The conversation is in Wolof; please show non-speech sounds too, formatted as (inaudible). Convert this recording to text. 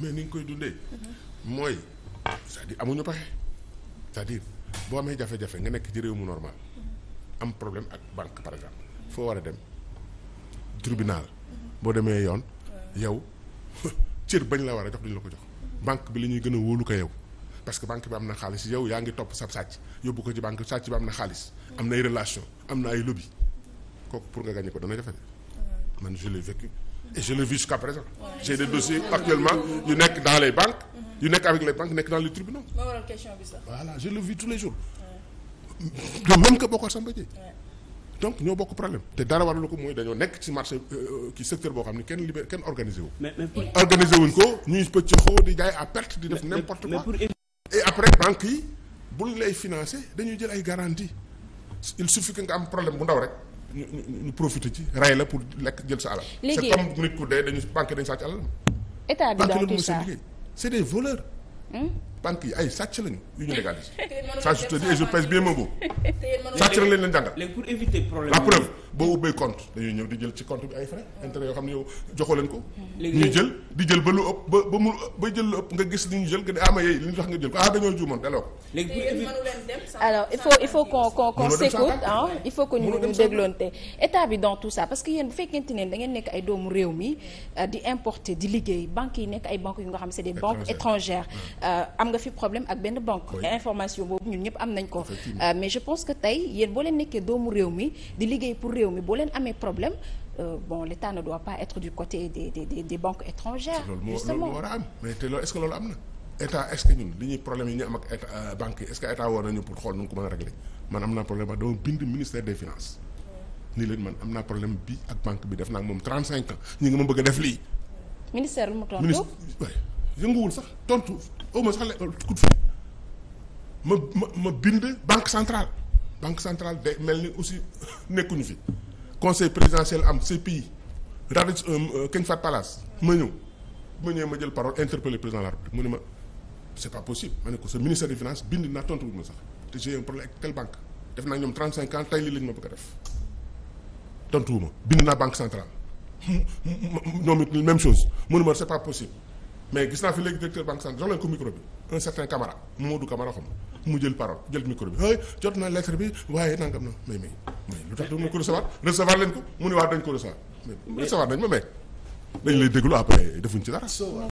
mais ni nga koy dundee. mooy cest à amuñu paxe cest à boo amee jafe-jafe nga nekk ci réew mu normal am problème ak banque par exemple foo war a dem tribunal boo demee yoon yow (laughs) cër bañ la war a jox duñu la ko jox banque bi la ñuy gën a wóolu ko yow parce que banque bi am na xaalis yow yaa ngi topp sa sàcc yóbbu ko ci banque sàcc bi am na xaalis am na ay relation am na ay lobby kooku pour nga gagné ko dana jafe man je l'ai vécu et je l'ai vu jusqu'à présent j'ai des dossiers actuellement yu nekk dans les banques yu nekk avec les banques nekk dans les tribunaux voilà je le vis tous les jours de même que Bokar Samba donc ñoo bokk problème te dara waralu ko mooy dañoo nekk ci marché euh, euh, ci secteur boo xam ne kenn libéré kenn organisé wu organisé wuñ ko ñuy pëcc xoo di jaay à perte di def n'importe quoi et après banques yi bul lay financé dañuy jël ay garantie il suffit que nga am problème bu ndaw rek ñu profité ci rey la pour lekk jël sa alal. léegi c'est comme nit ku dee dañu banque dañu sàcc alal. état bi donc tout ça c'est des voleurs. Hmm? banque yi ay sàcc lañu yu ñu légalise. (laughs) ça je te dis et je pèse bien mon sàcc lañ leen jàngal. la preuve. boo ubbee compte dañuy ñëw di jël ci compte bi ay frais intérêt yoo xam ne yow joxoo leen ko. ñuy jël di jël ba lu ëpp ba ba mu ba jël lu ëpp nga gis li ñu jël nga ne yi nekk ay yu nga xam c'est des banques étrangères ah. euh, am nga fi problème ak benn banque information boobu ñun ñëpp am nañ ko euh, mais je pense que tey yéen boo leen nekkee doomu réew mi di liggéey pour réew réew mi boo leen amee problème euh, bon l'État ne doit pas être du côté war a am am na. état est ñuy problème yi ñu am ak état euh, banque yi war nañu pour xool nu mu ko mën a régler man am naa problème ba dama bind ministère des finances. nii leen man am naa problème bi ak banque bi def naa moom 35 ans ñu ngi ma bëgg a def lii. ministère lu mu tontu ministre waaye yënguwul sax tontu au moins sax euh, ma ma ma bind banque centrale. banque centrale de mel ni aussi (laughs) nekkuñu fi conseil présidentiel am CPI Radis euh, euh, King Fahd Palace ma ñëw ma ñëw ma jël parole interpellé président la République mu ne ma c'est pas possible ma ne ko sa ministère des finances bind naa tontu ma sax te j'ai un problème ak telle banque def naa ñoom 35 ans tey lii lañ ma bëgg def tontuwuma bind naa banque centrale (laughs) ñoom it même chose mu ne ma c'est pas possible mais gis naa fi léegi directeur banque centrale jox ko micro bi un certain Camara Modou Camara xam mu jël parole jël micro bi hey jot na lettre bi waaye nangam na mais mais mais lu tax dama ko recevoir recevoir leen ko mu ne waa dañ ko recevoir mais nañ ma mais dañ lay déglu après defuñ ci dara.